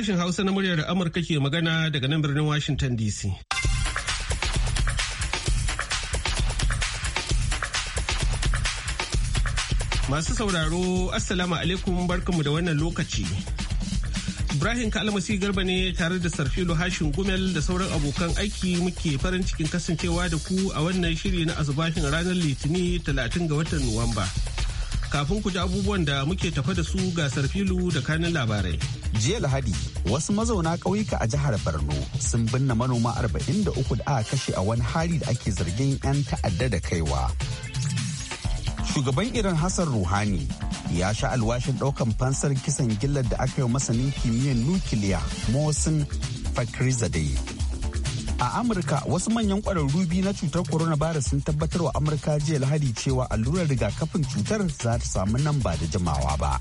Sashen Hausa na muryar Amurka ke magana daga nan birnin Washington DC. Masu sauraro, Assalamu alaikum barkanmu da wannan lokaci. Ibrahim Kalmasi Garba ne tare da Sarfilo Hashin Gumel da sauran abokan aiki muke farin cikin kasancewa da ku a wannan shiri na azubashin ranar Litini 30 ga watan Nuwamba. Kafin ku ji abubuwan da muke tafa da su ga Sarfilo da kanin labarai. jiya lahadi wasu mazauna ƙauyuka a jihar borno sun binne manoma 43 da aka kashe a wani hari da ake zargin 'yan ta'adda da kaiwa shugaban iran hassan ruhani ya sha alwashin ɗaukan fansar kisan gillar da aka yi masanin kimiyyar nukiliya mohsin fakhrizadeh a amurka wasu manyan ƙwararru biyu na cutar coronavirus sun tabbatar wa amurka jiya lahadi cewa allurar rigakafin cutar za ta samu nan ba da jimawa ba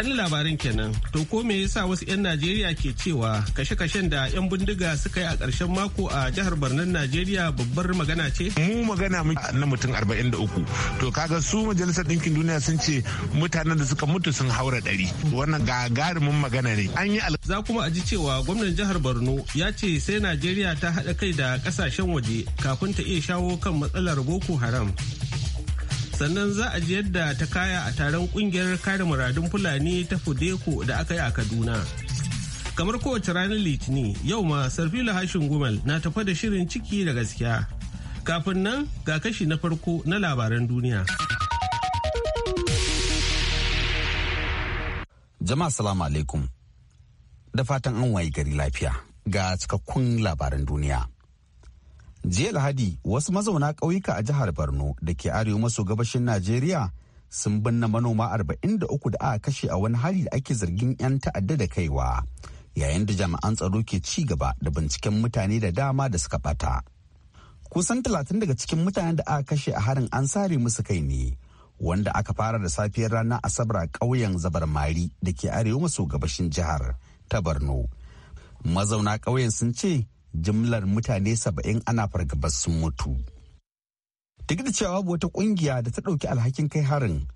Ɗan labarin kenan, to ko me yasa wasu 'yan Najeriya ke cewa kashe-kashen da 'yan bindiga suka yi a ƙarshen mako a jihar Barnar Najeriya babbar magana ce? Mu magana na mutum 43. To kaga su majalisar ɗinkin duniya sun ce mutanen da suka mutu sun haura ɗari. Wannan gagarumin magana ne. An yi Za kuma a ji cewa gwamnan jihar Borno ya ce sai Najeriya ta haɗa kai da ƙasashen waje kafin ta iya shawo kan matsalar Boko Haram. sannan za a ji yadda ta kaya a taron kungiyar kare muradun fulani ta fudeko da aka yi a kaduna kamar kowace ranar litinin yau ma sarfila hashin gumal na tafa da shirin ciki da gaskiya kafin nan ga kashi na farko na labaran duniya jama'a salamu alaikum da fatan an wayi gari lafiya ga cikakkun labaran duniya jiya lahadi wasu mazauna ƙauyuka a jihar borno da ke arewa maso gabashin najeriya sun binne manoma arba'in da uku da aka kashe a wani hali da ake zargin 'yan ta'adda da kaiwa yayin da jami'an tsaro ke ci gaba da binciken mutane da dama da suka bata kusan talatin daga cikin mutanen da aka kashe a harin an sare musu kai ne wanda aka fara da safiyar rana asabar a ƙauyen zabarmari da ke arewa maso gabashin jihar ta borno mazauna ƙauyen sun ce jimlar mutane saba'in ana fargabar sun mutu. Duk da cewa wata kungiya da ta ɗauki alhakin kai harin,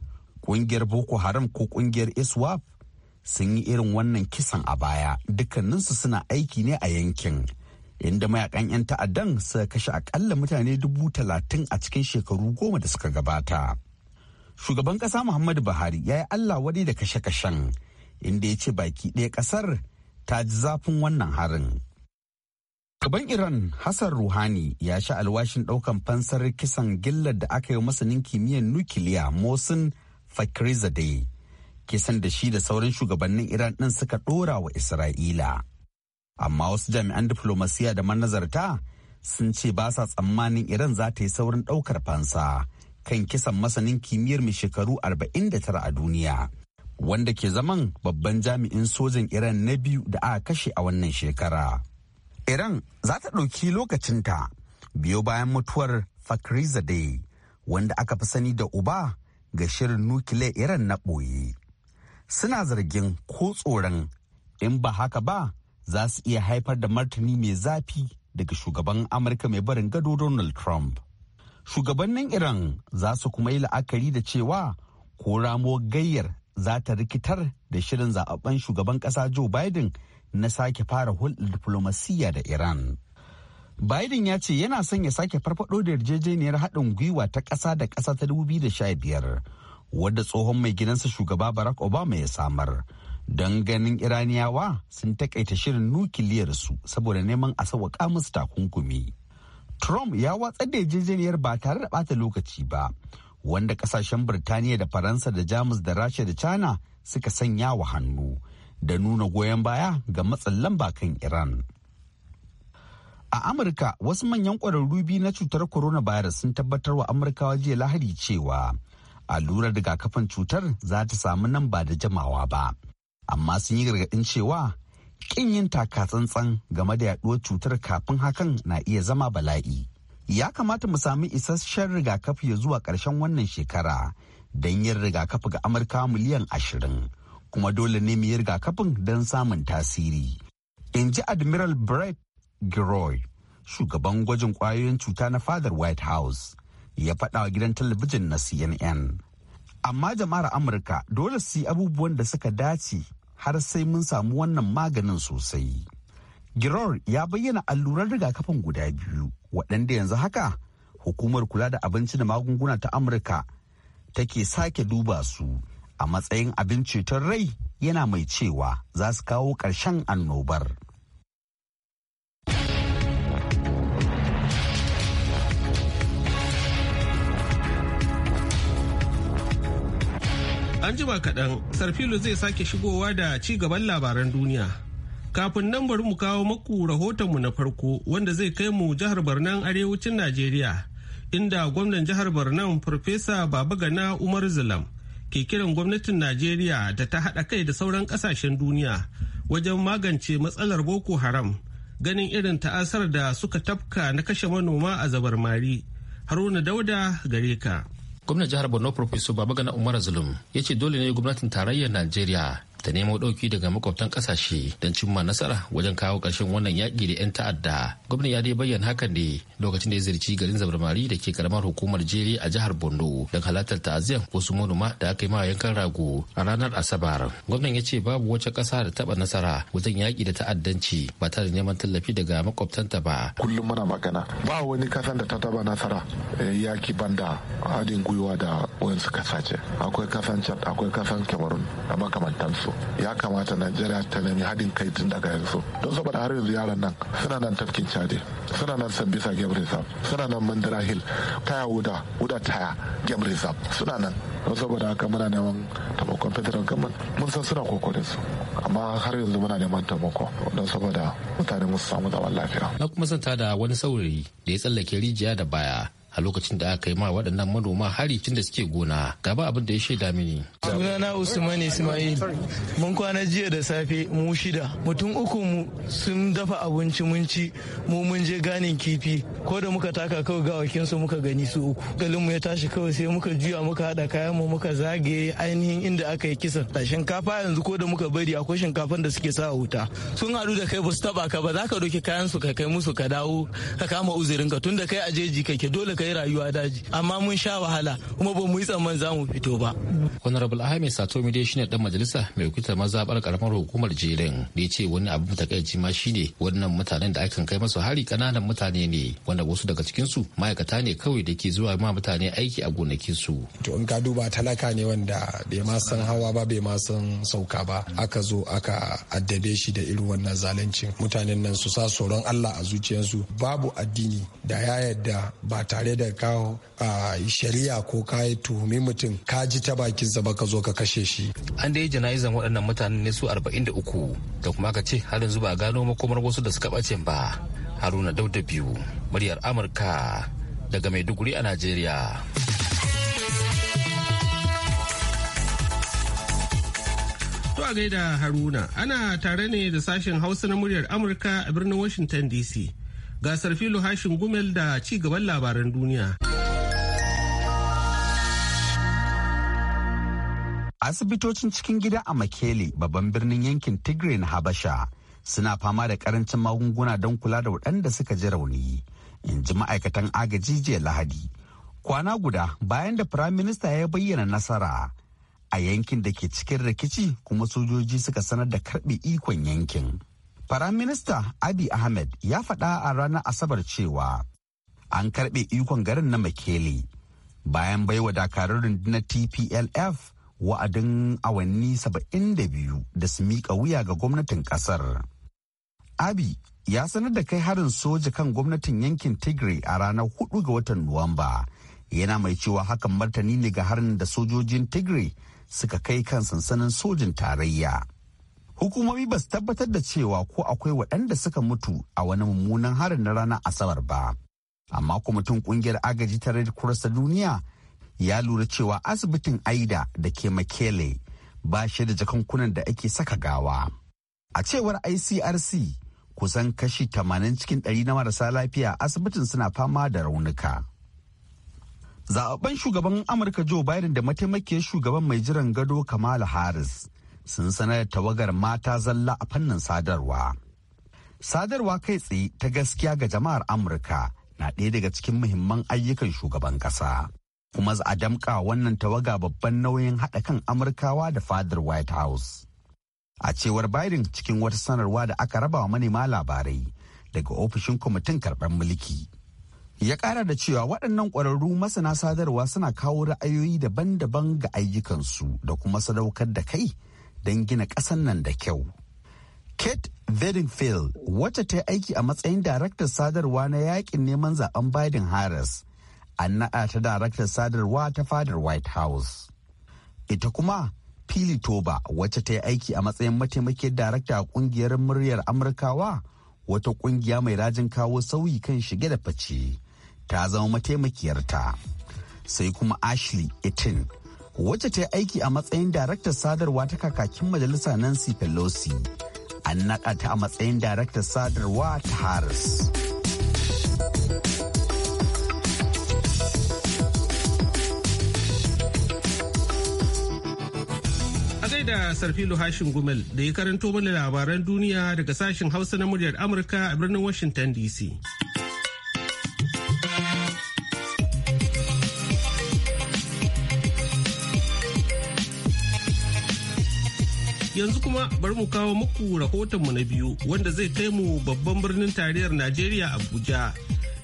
kungiyar Boko Haram ko kungiyar ISWAP sun yi irin wannan kisan a baya dukkaninsu suna aiki ne a yankin. Inda mayakan 'yan ta'addan suka kashe akalla mutane dubu talatin a cikin shekaru goma da suka gabata. Shugaban ƙasa Muhammadu Buhari ya yi Allah wadai da kashe-kashen, inda ya ce baki ɗaya ƙasar ta ji zafin wannan harin. Shugaban Iran Hassan ruhani ya sha alwashin ɗaukan fansar kisan gillar da aka yi masanin kimiyyar nukiliya mosin Fakhrizadeh, kisan da shi da sauran shugabannin Iran ɗin suka ɗora wa Isra'ila. Amma wasu jami'an diflomasiya da manazarta sun ce ba sa tsammanin Iran za ta yi saurin ɗaukar fansa kan kisan masanin kimiyyar mai shekaru 49 a duniya. Wanda ke zaman babban jami'in sojan Iran na biyu da aka kashe a wannan shekara. Iran za ta ɗauki lokacinta biyo bayan mutuwar Fakhrizadeh wanda aka fi sani da uba ga shirin nukile Iran na ɓoye. Suna zargin ko tsoron in ba haka ba za su iya haifar da martani mai zafi daga shugaban Amurka mai barin gado Donald Trump. Shugabannin Iran za su kuma yi la'akari da cewa ko ramo gayyar za ta rikitar da shirin zaɓaɓɓen shugaban ƙasa Joe Biden na sake fara hulɗar diflomasiyya da Iran. Biden ya ce yana son ya sake farfado da yarjejeniyar haɗin gwiwa ta ƙasa da ƙasa ta 2015 wadda tsohon mai gidansa shugaba Barack Obama ya samar. Don ganin Iraniyawa sun takaita shirin nukiliyarsu saboda neman a sauwaƙa musu takunkumi. Trump ya watsar da yarjejeniyar ba tare da ɓata lokaci ba, wanda ƙasashen Birtaniya da Faransa da Jamus da Rasha da China suka sanya wa hannu. da nuna goyon baya ga matsin lamba kan Iran. A Amurka wasu manyan ƙwararru biyu na cutar coronavirus sun tabbatar wa Amurkawa jiya lahadi cewa allurar rigakafin cutar za ta samu nan ba da jamawa ba. Amma sun yi gargaɗin cewa ƙin yin taka tsantsan game da yaɗuwar cutar kafin hakan na iya zama bala'i. Ya kamata mu sami isasshen rigakafi ya zuwa ƙarshen wannan shekara don yin rigakafi ga Amurka miliyan ashirin kuma dole ne mu yi rigakafin don samun tasiri. In ji Admiral Brett Giroy, shugaban gwajin kwayoyin cuta na fadar White House, ya faɗa wa gidan talabijin na CNN. Amma jama'ar Amurka dole su yi abubuwan da suka dace har sai mun samu wannan maganin sosai. Giror ya bayyana allurar rigakafin guda biyu waɗanda yanzu haka hukumar kula da abinci da magunguna ta Amurka take sake duba su a matsayin abin ceton rai yana mai cewa za su kawo ƙarshen annobar. An jima kaɗan, Sarfilu zai sake shigowa da ci gaban labaran duniya. Kafin nan bari mu kawo maku rahotonmu na farko wanda zai kai mu jihar Barnan arewacin Najeriya, inda gwamnan jihar Barnan Farfesa Babagana Umar Zulam ke kiran gwamnatin najeriya da ta haɗa kai da sauran ƙasashen duniya wajen magance matsalar boko haram ganin irin ta'asar da suka tafka na kashe manoma a zabar mari haruna dauda gare ka gwamnan jihar borno professor babagana umar zulum ya ce dole ne gwamnatin tarayyar najeriya ta nemo ɗauki daga makwabtan ƙasashe don cimma nasara wajen kawo ƙarshen wannan yaƙi da 'yan ta'adda. Gwamnan ya dai bayyana hakan ne lokacin da ya zirci garin Zabarmari da ke karamar hukumar Jere a jihar Bondo don halartar ta'aziyar wasu manoma da aka yi ma yankan rago a ranar Asabar. Gwamnan ya ce babu wace ƙasa da taɓa nasara wajen yaƙi da ta'addanci ba tare da neman tallafi daga makwabtanta ba. Kullum muna magana ba wani kasan da ta taɓa nasara eh, yaƙi banda haɗin gwiwa da wayansu kasashe akwai kasan chad akwai kasan cameroon da makamantansu ya kamata najeriya ta nemi haɗin kai tun daga yanzu don saboda har yanzu yaran nan suna nan tafkin cadi suna nan sambisa game reserve suna nan mandira hill kaya wuda wuda taya game reserve suna nan don saboda haka muna neman taimakon federal government mun san suna kokarin su amma har yanzu muna neman taimako don saboda mutane musu samu zaman lafiya na kuma santa da wani saurayi da ya tsallake rijiya da baya a lokacin da aka yi ma waɗannan manoma hari tun da suke gona gaba abin da ya shaida mini sunana usman ismail mun kwana jiya da safe mu shida mutum uku mu sun dafa abinci mun mu mun je ganin kifi ko da muka taka kawai gawakin su muka gani su uku galin mu ya tashi kawai sai muka juya muka hada kayan mu muka zage ainihin inda aka yi kisan shinkafa yanzu ko da muka bari akwai shinkafan da suke sa wuta sun haɗu da kai ba su taba ka ba za ka doke kayan su ka kai musu ka dawo ka kama uzurinka ka tun da kai a jeji kake dole ka kai rayuwa daji amma mun sha wahala kuma ba mu yi tsamman za mu fito ba. honorable ahmed satomi shi ne dan majalisa mai wakiltar mazabar karamar hukumar jerin da ce wani abu takaici ma ne wannan mutanen da aka kai masu hari kananan mutane ne wanda wasu daga cikinsu ma'aikata ne kawai da ke zuwa ma mutane aiki a gonakinsu. to in ka duba talaka ne wanda bai ma san hawa ba bai ma san sauka ba aka zo aka addabe shi da irin wannan zalunci mutanen nan su sa tsoron allah a zuciyarsu babu addini da ya yarda ba tare fiye da ka shari'a ko ka yi tuhumi mutum ka ji ta bakin sa ka zo ka kashe shi an dai jana'izan waɗannan mutanen ne su 43 da kuma ka ce har yanzu ba a gano makomar wasu da suka ɓace ba haruna dauda biyu muryar amurka daga maiduguri a najeriya To a gaida Haruna, ana tare ne da sashen Hausa na muryar Amurka a birnin Washington DC. Gasar filo hashin gumel da ci gaban labaran duniya. Asibitocin cikin gida a Makele babban birnin yankin Tigray na Habasha suna fama da karancin magunguna don kula da waɗanda suka ji rauni. In ji ma'aikatan agaji jiya Lahadi. Kwana guda bayan da Firaminista ya bayyana nasara. a yankin da ke cikin rikici kuma sojoji suka sanar da karbe ikon yankin. minista Abiy Ahmed ya faɗa a ranar Asabar cewa an karɓe ikon garin na Makele bayan baiwa dakarun rundunar TPLF wa'adin awanni 72 da su miƙa wuya ga gwamnatin ƙasar. Abi ya sanar da kai harin soja kan gwamnatin yankin Tigray a ranar 4 ga watan Nuwamba. Yana mai cewa hakan martani ne ga harin da sojojin Tigray suka kai kan sansanin sojin tarayya. hukumomi ba su tabbatar da cewa ko akwai waɗanda suka mutu a wani mummunan harin na ranar asabar ba amma kwamitin ƙungiyar agaji ta red cross ta duniya ya lura cewa asibitin aida da ke makele ba shi da jakankunan da ake saka gawa a cewar icrc kusan kashi tamanin cikin ɗari na marasa lafiya asibitin suna fama da raunuka zaɓaɓɓen shugaban amurka joe biden da mataimakiyar shugaban mai jiran gado kamala harris sun sanar da tawagar mata zalla a fannin sadarwa. Sadarwa kai tsaye ta gaskiya ga jama'ar Amurka na ɗaya daga cikin muhimman ayyukan shugaban ƙasa. Kuma za a damƙa wannan tawaga babban nauyin haɗa kan Amurkawa da fadar White House. A cewar Biden cikin wata sanarwa da aka raba wa manema labarai daga ofishin kwamitin karɓar mulki. ya ƙara da cewa waɗannan ƙwararru masana sadarwa suna kawo ra'ayoyi daban-daban ga ayyukansu da kuma sadaukar da kai don gina ƙasar nan da kyau. Kate Bedingfield wacce ta yi aiki a matsayin daraktar sadarwa na yakin neman zaben Biden Harris, an naɗa ta daraktar sadarwa ta fadar White House. Ita kuma Pili Toba wacce ta aiki a matsayin mataimakiyar darakta a kungiyar muryar Amurkawa wata kungiya mai rajin kawo sauyi kan shige da fice ta zama mataimakiyarta. Sai kuma Ashley Etin wacce ta yi aiki a matsayin daraktar sadarwa ta kakakin majalisa Nancy Pelosi. An naɗa ta a matsayin daraktar sadarwa ta Harris. A gaida Sarfilu Hashin Gumel da ya karanto mana labaran duniya daga sashen Hausa na muryar Amurka a birnin Washington DC. Yanzu kuma bari mu kawo muku rahotonmu na biyu wanda zai kai mu babban birnin tariyar Najeriya Abuja.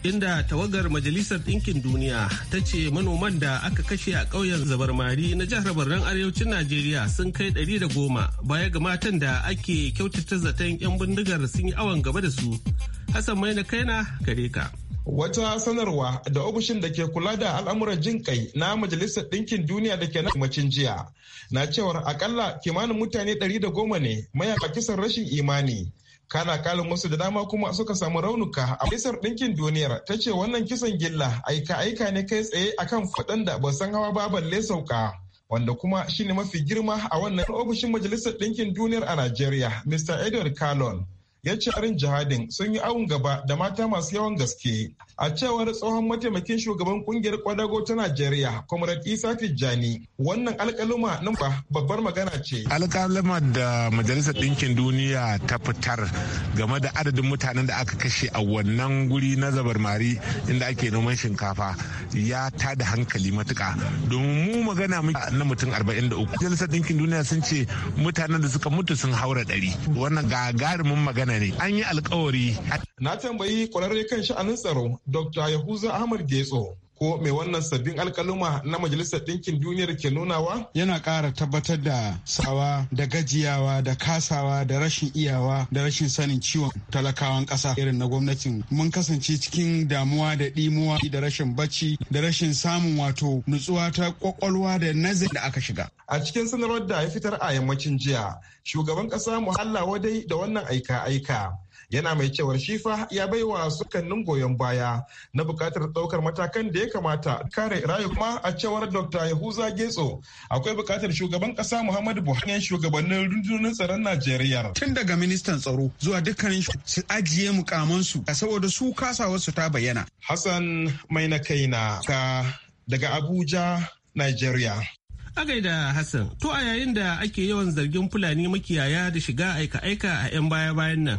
Inda tawagar Majalisar Ɗinkin Duniya ta ce manoman da aka kashe a ƙauyen zabarmari na jihar Barnan Arewacin Najeriya sun kai ɗari da goma baya ga matan da ake kyautata zaton 'yan bindigar sun yi awon gaba da su. Hassan Maina Kaina gare ka. Wata sanarwa da ofishin da ke kula da al'amuran jin kai na Majalisar Ɗinkin Duniya da ke macin jiya na cewar akalla kimanin mutane 110 ne mayaka kisan rashin imani. Kana kalin wasu da dama kuma suka samu raunuka a Majalisar Ɗinkin Duniyar ta ce wannan kisan gilla aika-aika ne kai tsaye akan faɗan da ban san hawa ba balle sauka. wanda kuma shine mafi girma a wannan ofishin Majalisar Ɗinkin Duniyar a Najeriya, Mr. Edward Calon. ya ce arin jihadin sun yi awon gaba da mata masu yawan gaske a cewar tsohon mataimakin shugaban kungiyar kwadago ta najeriya comrade isa tijjani wannan alkaluma nan ba babbar magana ce alkaluma da majalisar ɗinkin duniya ta fitar game da adadin mutanen da aka kashe a wannan guri na zabarmari inda ake noman shinkafa ya ta da hankali matuka domin mu magana na mutum 43 majalisar ɗinkin duniya sun ce mutanen da suka mutu sun haura ɗari wannan gagarumin magana ne an yi alkawari. Na tambayi kwararre kan sha'anin tsaro Dr. Yahuza Ahmad Getso ko mai wannan sabbin alkaluma na majalisar ɗinkin duniyar ke nunawa? Yana ƙara tabbatar da sawa da gajiyawa da kasawa da rashin iyawa da rashin sanin ciwon talakawan ƙasa irin na gwamnatin. Mun kasance cikin damuwa da ɗimuwa da rashin bacci da rashin samun wato nutsuwa ta kwakwalwa da nazari da aka shiga. A cikin sanarwar da ya fitar a yammacin jiya, shugaban ƙasa muhalla wadai da wannan aika-aika. yana mai cewar shi ya bai wa sukannin goyon baya na bukatar daukar matakan da ya kamata kare rayuwa a cewar dr yahuza getso akwai bukatar shugaban kasa muhammadu buhari shugabannin rundunar tsaron najeriya tun daga ministan tsaro zuwa dukkanin su ajiye mukamansu saboda su kasawarsu ta bayyana hassan mai na kaina ka daga abuja nigeria a gaida Hassan, to a yayin da ake yawan zargin Fulani makiyaya da shiga aika-aika a 'yan baya-bayan nan,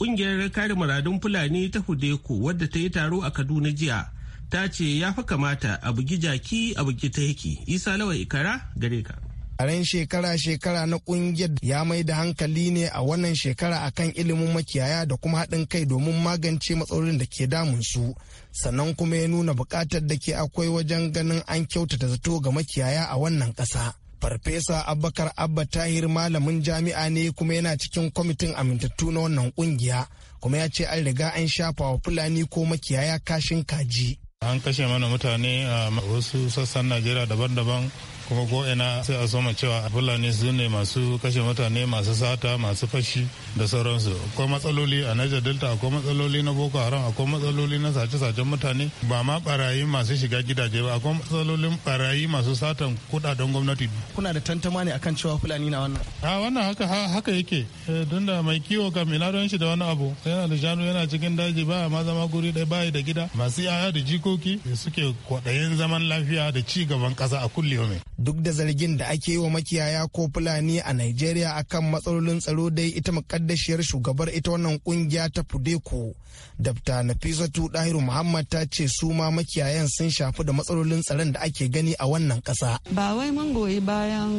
Ƙungiyar kare muradun Fulani ta Hudeko wadda ta yi taro a Kaduna jiya ta ce ya fi kamata a bugi jaki a bugi ta yake. Isa Lawa Ikara gare ka. taron shekara-shekara na kungiyar ya mai da hankali ne a wannan shekara akan ilimin makiyaya da kuma haɗin kai domin magance matsalolin da ke damun su sannan kuma ya nuna buƙatar da ke akwai wajen ganin an kyautata zato ga makiyaya a wannan ƙasa. Farfesa Abubakar Abba Tahir malamin jami'a ne kuma yana cikin kwamitin amintattu na wannan kungiya kuma ya ce an riga an shafa wa Fulani ko makiyaya kashin kaji. An kashe mana mutane a wasu sassan Najeriya daban-daban kuma ko ina sai a soma cewa fulani su ne masu kashe mutane masu sata masu fashi da sauransu akwai matsaloli a niger delta akwai matsaloli na boko haram akwai matsaloli na sace-sacen mutane ba ma barayi masu shiga gidaje ba akwai matsalolin barayi masu satan kudaden gwamnati kuna da tantama ne akan cewa fulani na wannan a wannan haka haka yake eh, don da mai kiwo kam ina don shi da wani abu yana da shanu yana cikin daji ba ma zama guri ɗaya bayi da gida masu yaya da jikoki suke kwaɗayin zaman lafiya da ci gaban ƙasa a kulle duk da zargin da ake yi wa makiyaya ko fulani a Najeriya akan matsalolin tsaro dai ita makaddashiyar shugabar ita wannan kungiya ta Fudeko Dr. Nafisatu Dahiru Muhammad ta ce su ma makiyayan sun shafi da matsalolin tsaron da ake gani a wannan kasa. Ba wai mun goyi bayan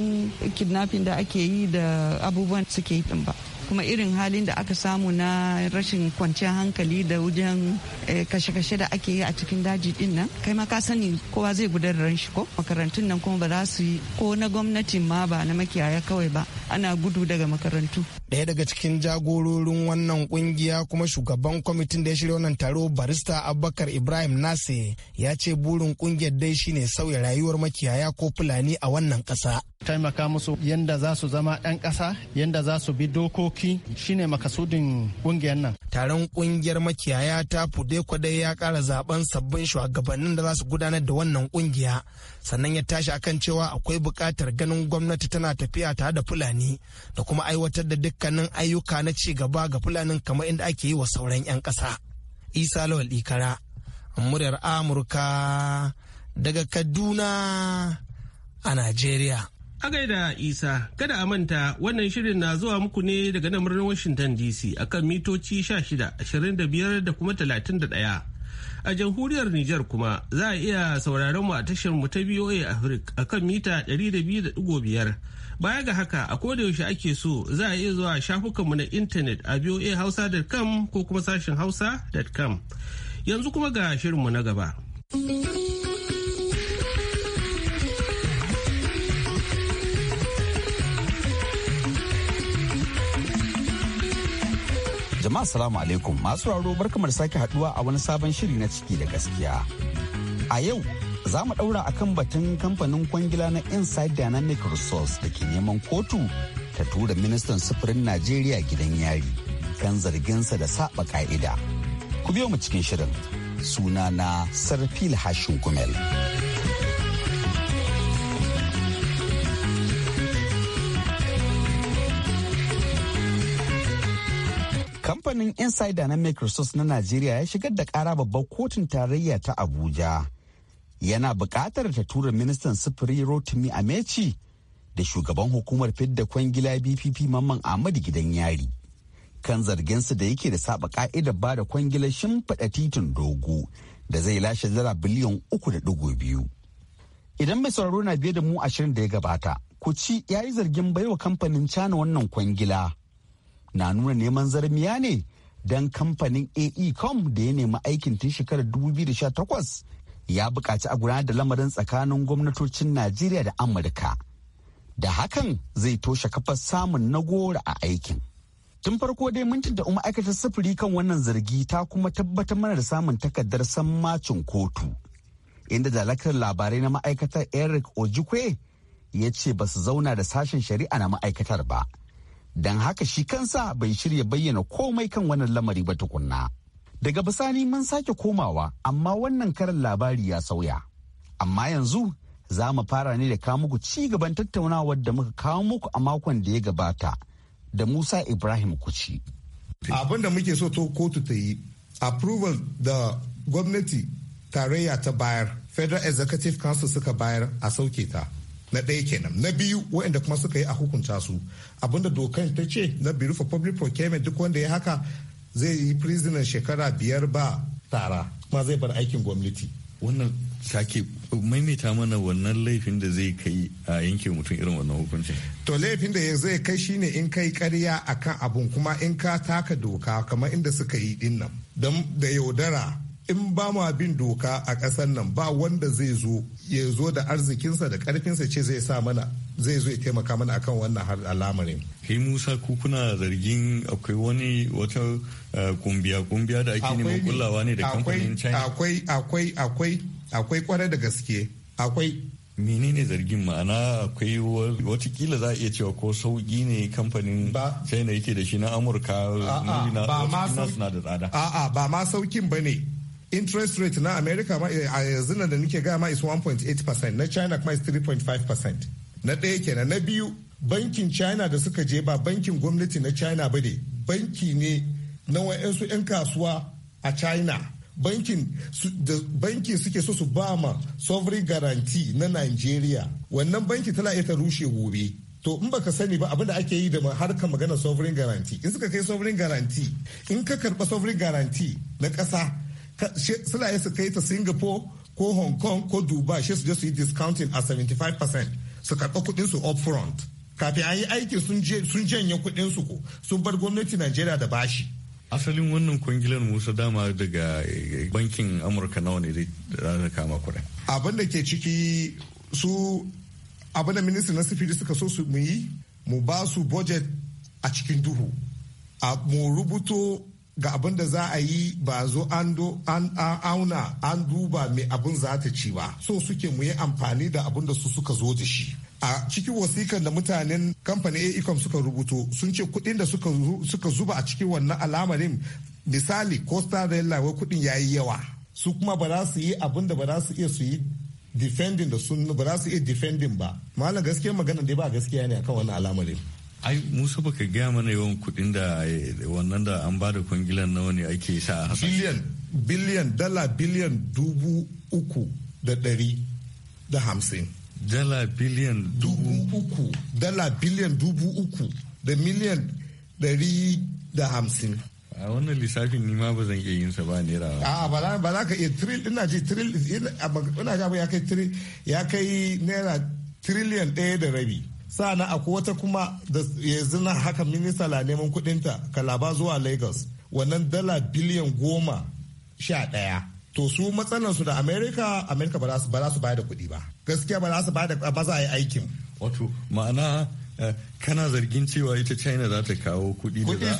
kidnapping da ake yi da abubuwan suke yi ba. kuma irin halin da aka samu na rashin kwanciyar hankali da wajen eh, kashe-kashe da ake yi a cikin daji din nan kai ma ka sani kowa zai gudanar shi ko makarantun nan kuma ba za su yi ko na gwamnati ma ba na makiyaya kawai ba ana gudu daga makarantu daya daga cikin jagororin wannan kungiya kuma shugaban kwamitin da ya shirya wannan taro barista abubakar ibrahim nase ya ce burin kungiyar dai shine sauya rayuwar makiyaya ko fulani a wannan kasa taimaka musu yanda za su zama ɗan ƙasa yanda za su bi dokoki dokoki shine makasudin kungiyar nan. Taron kungiyar makiyaya ta fude kwadai ya kara zaben sabbin shugabannin da za su gudanar da wannan kungiya sannan ya tashi akan cewa akwai bukatar ganin gwamnati tana tafiya tare da fulani da kuma aiwatar da dukkanin ayyuka na ci gaba ga fulanin kamar inda ake yi wa sauran 'yan ƙasa. Isa Lawal Ikara, muryar Amurka daga Kaduna a Najeriya. A gaida Isa, kada a manta wannan shirin na zuwa muku ne daga nan birnin Washington DC akan mitoci 16, 25 da kuma 31. A jamhuriyar Nijar kuma za a iya sauraron mu a tashar mu ta BOA Africa akan mita 200.5. Baya ga haka a yaushe ake so za a iya zuwa shafukanmu na intanet a boahausa.com ko kuma sashin hausa.com. Yanzu kuma ga shirinmu na gaba. Jama'a salamu alaikum masu raro barkamar sake haduwa a wani sabon shiri na ciki da gaskiya. A yau za mu daura akan batun kamfanin kwangila na Inside Dynamic Resource da ke neman kotu ta tura ministan sufurin Najeriya gidan yari kan zarginsa da saba ka'ida. Ku biyo mu cikin shirin suna na Sarfil Hashin Kumel. kamfanin insider na microsoft na najeriya ya shigar da kara babbar kotun tarayya ta abuja yana buƙatar ta tura ministan sufuri rotimi amechi da shugaban hukumar fidda kwangila bpp mamman ahmad gidan yari kan zarginsu da yake da saba ka'idar ba da kwangilar shimfiɗa titin dogo da zai lashe dala biliyan uku da ɗigo biyu idan mai sauraro na biye da mu ashirin da ya gabata kuci ya yi zargin baiwa kamfanin cana wannan kwangila na nuna neman zarmiya ne don kamfanin aecom da ya nemi aikin tun shekarar 2018 ya bukaci a gudanar da lamarin tsakanin gwamnatocin najeriya da amurka da hakan zai toshe kafar samun na a aikin tun farko dai mun da ma'aikatar sufuri kan wannan zargi ta kuma tabbatar mana da samun takardar sammacin kotu inda dalakar labarai na ma'aikatar eric ojukwe ya ce ba su zauna da sashen shari'a na ma'aikatar ba don haka shi kansa bai shirya bayyana komai kan wannan lamari ba tukunna. Daga bisani mun sake komawa amma wannan karin labari ya sauya. Amma yanzu za mu fara ne da kawo muku ci gaban tattaunawar da muka kawo muku a makon da ya gabata da Musa Ibrahim Kuci. Abin da muke so to kotu ta yi, approval da gwamnati tarayya ta bayar, Federal Executive Council suka bayar a sauke ta. na ɗaya kenan na biyu waɗanda kuma suka yi a hukunta su abinda dokar ta ce na biru for public procurement duk wanda ya haka zai yi prisoner shekara biyar ba tara kuma zai bar aikin gwamnati wannan sake maimaita mana wannan laifin da zai kai a yanke mutum irin wannan hukuncin to laifin da zai kai shine in kai karya akan abun kuma in ka taka doka kamar inda suka yi dinnan don da yaudara in ba ma bin doka a ƙasar nan ba wanda zai zo ya zo da arzikinsa da ƙarfinsa ce zai sa mana zai zo ya taimaka mana akan wannan har al'amarin. Kai Musa ku kuna zargin akwai wani wata eh, kumbiya kumbiya da ake neman kullawa ne da kamfanin China. Akwai akwai akwai akwai kwarai da gaske akwai menene zargin ma'ana akwai watakila za a iya cewa ko sauƙi ne kamfanin china yake da shi na amurka ba ma saukin ba ne interest rate na america ma eh, a yanzu da nake gaya ma is 1.8% na china kuma is 3.5% na ɗaya kenan na biyu bankin china da suka je ba bankin gwamnati na china ba ne banki ne na wa'yansu 'yan kasuwa a china bankin da banki suke so su ba ma sovereign guarantee na nigeria wannan banki tana iya ta rushe gobe to in baka sani ba abin da ake yi da harkar magana sovereign guarantee in suka kai sovereign guarantee in ka karba sovereign guarantee na ƙasa sulaye su kai ta singapore ko hong kong ko dubai shi su je su yi discounting a 75% su karɓa kuɗin su up front kafin an yi aiki sun janye kuɗin su ko sun bar gwamnati najeriya da bashi asalin wannan kwangilar musa dama daga eh, bankin amurka nawa ne da kama kuɗin abin da ke ciki su abin da ministan na sifiri suka so su yi mu ba su budget a cikin duhu a mu rubuto ga abin da za a yi ba zo an auna an duba mai abin za ta ci ba so suke mu yi amfani da abin da su suka zo da shi a cikin wasikan da mutanen kamfanin aecom suka rubuto sun ce kuɗin da suka zuba a cikin wannan alamarin misali costa da wai kudin ya yi yawa su kuma ba za su yi abin da ba za su iya su yi defending da sun ba za su iya defending ba malam gaskiya magana dai ba gaskiya ne akan wannan alamarin ai musa baka gaya mana yawan kuɗin da eh, wannan da an bada kwangilan nawa ne ake sa a biliyan biliyan dala biliyan dubu uku da ɗari da hamsin dala biliyan dubu uku dala biliyan dubu uku da miliyan ɗari da hamsin a wannan lissafin ni ma ba zan iya yin sa ba rawa a ba za ba za ka iya tril ina ji tril ina ga ya kai tril ya kai naira triliyan ɗaya da rabi sa'ana akwai wata kuma da yanzu na haka minista na neman kudinta kalaba zuwa lagos wannan dala biliyan goma sha ɗaya to su matsalansu da america america ba za su bayar da kuɗi ba gaskiya ba za su bayar da ba za a yi aikin wato ma'ana eh, kana zargin cewa ita china za ta kawo kuɗi da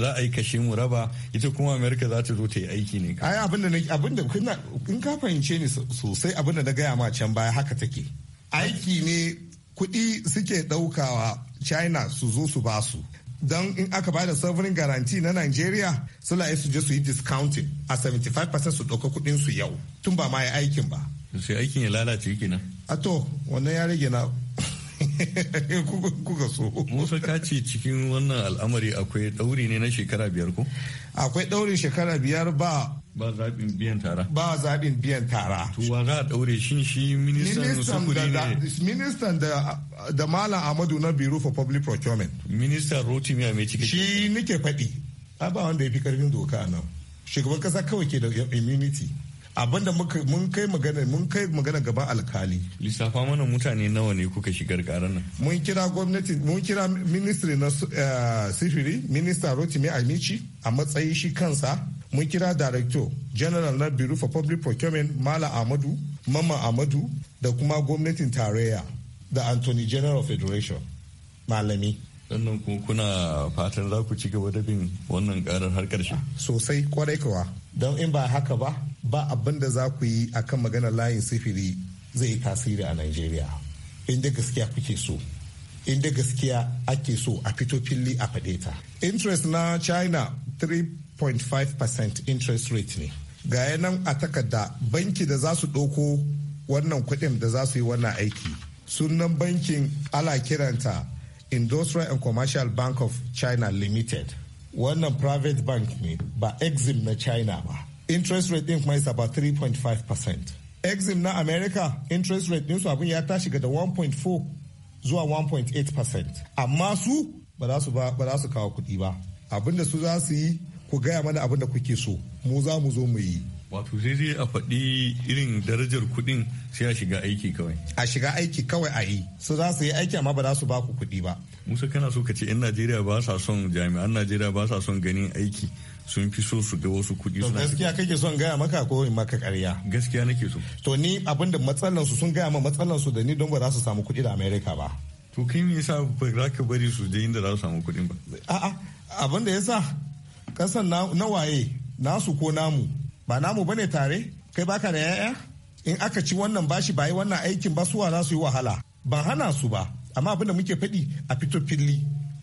za a yi kashe mu raba ita kuma america za ta zo ta yi aiki ne ai abinda abinda in ka fahimce ni sosai abinda na gaya ma can baya haka take aiki ne kuɗi suke ɗaukawa china su zo su ba su don in aka bada sovereign guarantee na nigeria sulaye su je su yi discounting a 75% su ɗauka kuɗin su yau tun ba ma ya aikin ba sai aikin ya lalace kenan a to wannan ya rage na kuka so musa ka ce cikin wannan al'amari akwai ɗauri ne na shekara biyar ko akwai ɗaurin shekara biyar ba ba zaɓin biyan tara ba zaɓin biyan tara tuwa za a ɗaure shi shi ministan sufuri ne ministan da da malam amadu na biro for public procurement ministan rotimi a mai cikin shi nike faɗi ba wanda ya fi karfin doka nan shugaban kasa kawai ke da immunity abinda mun kai magana mun kai magana gaban alkali lissafa mana mutane nawa ne kuka shigar karan nan mun kira gwamnati mun kira ministry na eh, sifiri minista rotimi amici a matsayin shi kansa mun kira director general na bureau for public procurement mala amadu mama amadu da kuma gwamnatin tarayya da anthony general federation malami sannan kuna fatan za ku ci gaba da bin wannan karar har karshe sosai kwarai kawa don in ba haka ba ba abin da za ku yi a kan maganar layin sifiri zai yi tasiri a Najeriya inda gaskiya kuke so inda gaskiya ake so a fito fili a faɗe ta interest na china 3.5% interest rate ne ga nan a takarda banki da za su ɗauko wannan kuɗin da za su yi wannan aiki sunan bankin ala kiranta industrial and commercial bank of china limited wannan private bank ne ba exim na china ba interest rate din kuma is about 3.5% exim na america interest rate din su abin ya tashi ga da 1.4 zuwa 1.8% amma su ba za su ba kawo kuɗi ba abinda su za su yi ku gaya mana abin da kuke so mu za mu zo mu yi wato sai dai a faɗi irin darajar kuɗin sai a shiga aiki kawai a shiga aiki kawai a yi su za su yi aiki amma ba za su ba ku kuɗi ba musa kana so ka ce 'yan najeriya ba sa son jami'an najeriya ba sa son ganin aiki sun fi so su ga wasu kuɗi suna gaskiya kake son gaya maka ko in maka ƙarya gaskiya nake so to ni abinda matsalan su sun gaya ma matsalan su da ni don ba za su samu kuɗi da america ba to kai me yasa ba za ka bari su je inda za su samu kuɗin ba a'a abin da yasa kasan na waye nasu ko namu ba namu bane tare kai baka da yaya in aka ci wannan bashi ba yi wannan aikin ba suwa za su yi wahala ban hana su ba amma abin da muke faɗi a fito fili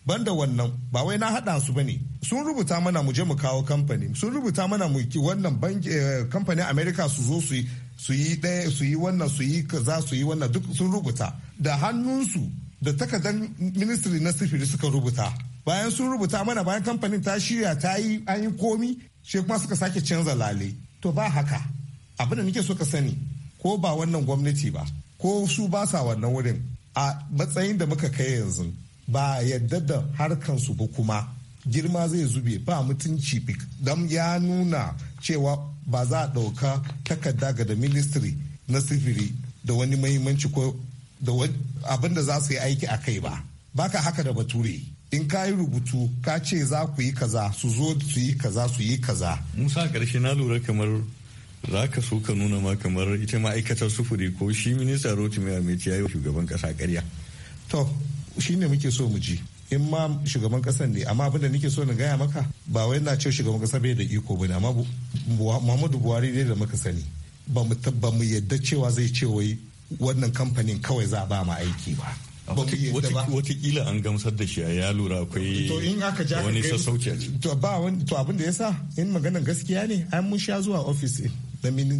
banda wannan ba wai na haɗa su bane sun rubuta mana mu je mu kawo kamfani sun rubuta mana mu wannan eh, kamfani america su zo su yi su yi ɗaya su yi wannan su yi kaza su yi wannan duk sun rubuta da hannunsu da takardar ministry na sifiri suka rubuta bayan sun rubuta mana bayan kamfanin ta shirya ta yi an yi komi shi kuma suka sake canza lale to ba haka abin da nake so sani ko ba wannan gwamnati ba ko su ba sa wannan wurin a matsayin da muka kai yanzu ba yadda da harkansu ba kuma girma zai zube ba mutunci don ya nuna cewa ba za a ɗauka takarda ga da ministry na sifiri da wani mahimmanci ko da abin da za su yi aiki a kai ba baka haka da bature in ka yi rubutu ka ce za ku yi kaza su zo su yi kaza su yi kaza. musa karshe na lura kamar za ka so ka nuna ma kamar ita ma'aikatar sufuri ko shi minista Mai amiti ya yi shugaban kasa karya. to shi ne muke so mu ji in ma shugaban kasa ne amma abin da nake so na gaya maka ba wai na ce shugaban kasa bai da iko bane amma muhammadu buhari ne da muka sani ba mu yadda cewa zai ce wai wannan kamfanin kawai za ba mu aiki ba watakila an gamsar da shi ya lura akwai wani sassauci to ba wani to abin da ya sa in maganar gaskiya ne an mun sha zuwa ofis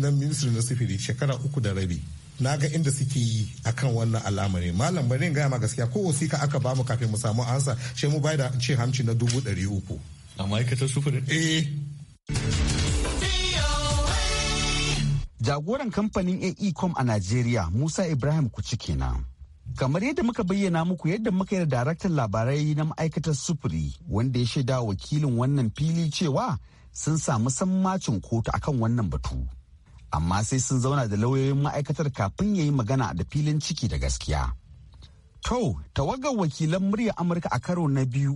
na ministry na sifiri shekara uku da rabi na ga inda suke yi akan wannan al'amari malam bari gaya ma gaskiya ko wasika aka bamu kafin mu samu ansa shi mu bai da ce hamci na dubu ɗari uku a ma'aikatar sufurin eh jagoran kamfanin aecom a najeriya musa ibrahim kuci kenan kamar yadda muka bayyana muku yadda muka yi da daraktan labarai na ma'aikatar sufuri wanda ya shaida wakilin wannan fili cewa sun samu sammacin kotu akan wannan batu amma sai sun zauna da lauyoyin ma'aikatar kafin ya yi magana da filin ciki da gaskiya to tawagar wakilan murya amurka a karo na biyu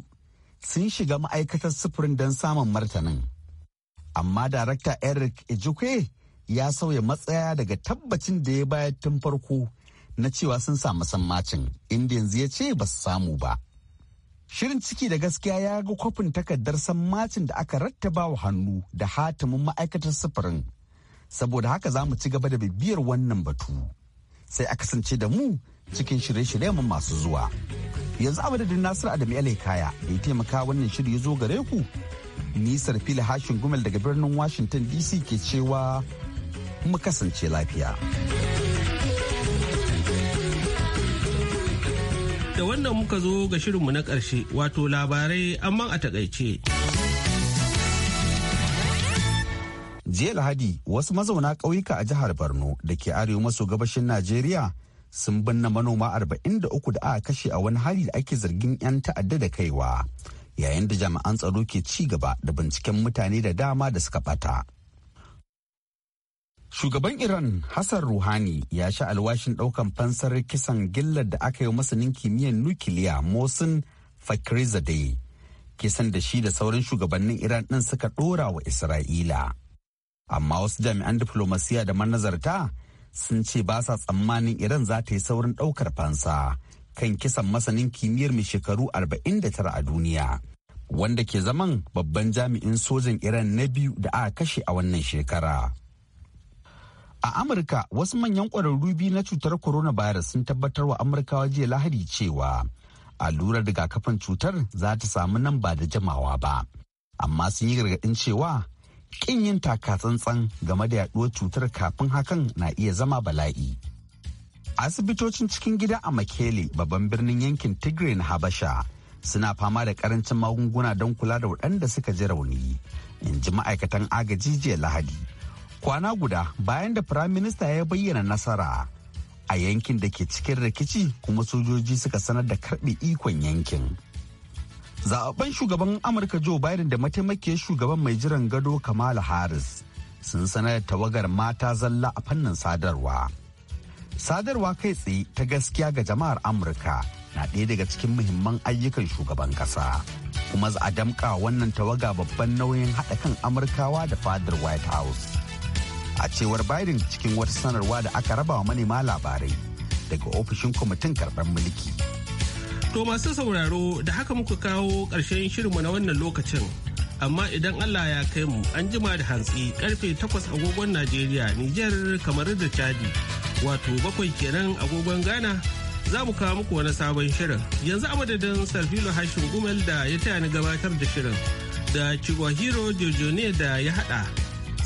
sun shiga ma'aikatar sufurin don samun martanin amma darakta eric ejikwe ya sauya matsaya daga tabbacin da ya bayar tun farko na cewa sun samu sammacin inda yanzu ya ce ba su samu ba. Shirin ciki da gaskiya ya ga kwafin takardar sammacin da aka rattaba wa hannu da hatimin ma'aikatar sufurin. Saboda haka za mu ci gaba da bibiyar wannan batu. Sai a kasance da mu cikin shirye-shiryen masu zuwa. Yanzu abadadin Nasir Adamu Yale Kaya da ya taimaka wannan shiri ya zo gare ku. Nisar fili hashin gumel daga birnin Washington DC ke cewa mu kasance lafiya. da wannan muka zo ga shirinmu na ƙarshe wato labarai amma a takaice. jiya lahadi wasu mazauna ƙauyuka a jihar borno da ke arewa maso gabashin najeriya sun binne manoma 43 da aka kashe a wani hari da ake zargin 'yan ta'adda da kaiwa yayin da jami'an tsaro ke ci gaba da binciken mutane da dama da suka bata. Shugaban Iran Hassan Rouhani ya sha alwashin ɗaukan fansar kisan gillar da aka yi masanin kimiyyar nukiliya Mosin Fakhrizadeh. Kisan da shi da sauran shugabannin Iran ɗin suka ɗora wa Isra'ila. Amma wasu jami'an diflomasiya da manazarta sun ce ba sa tsammanin Iran za ta yi saurin ɗaukar fansa kan kisan masanin kimiyyar mai shekaru 49 a duniya. Wanda ke zaman babban jami'in sojan Iran na biyu da aka kashe a wannan shekara. A Amurka wasu manyan ƙwararru biyu na cutar coronavirus sun tabbatar wa Amurkawa jiya Lahadi cewa allurar rigakafin cutar za ta samu nan ba da jimawa ba. Amma sun yi gargaɗin cewa ƙin yin taka tsantsan game da yaɗuwar cutar kafin hakan na iya zama bala'i. Asibitocin cikin gida a Makele babban birnin yankin Tigray na Habasha suna fama da karancin magunguna don kula da waɗanda suka ji rauni. In ji ma'aikatan agaji jiya Lahadi. kwana guda bayan da firaminista ya bayyana nasara a yankin da ke cikin rikici kuma sojoji suka sanar da karbe ikon yankin zaɓaɓɓen shugaban amurka joe biden da mataimakiyar shugaban mai jiran gado kamala harris sun sanar da tawagar mata zalla a fannin sadarwa sadarwa kai tsaye ta gaskiya ga jama'ar amurka na ɗaya daga cikin muhimman ayyukan shugaban ƙasa kuma za a damƙa wannan tawaga babban nauyin haɗa kan amurkawa da fadar white house a cewar biden cikin wata sanarwa da aka raba wa manema labarai daga ofishin kwamitin karɓar mulki to masu sauraro da haka muka kawo ƙarshen shirinmu na wannan lokacin amma idan allah ya kai mu an jima da hantsi karfe 8 agogon najeriya nijar kamar da chadi wato bakwai kenan agogon ghana za mu kawo muku wani sabon shirin yanzu a madadin Salfilo Hashim gumel da ya taya ni gabatar da shirin da jojo jojone da ya hada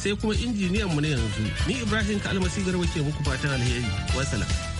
sai kuma injiniyan mu na yanzu ni ibrahim kalmasi garba ke muku fatan alheri wasala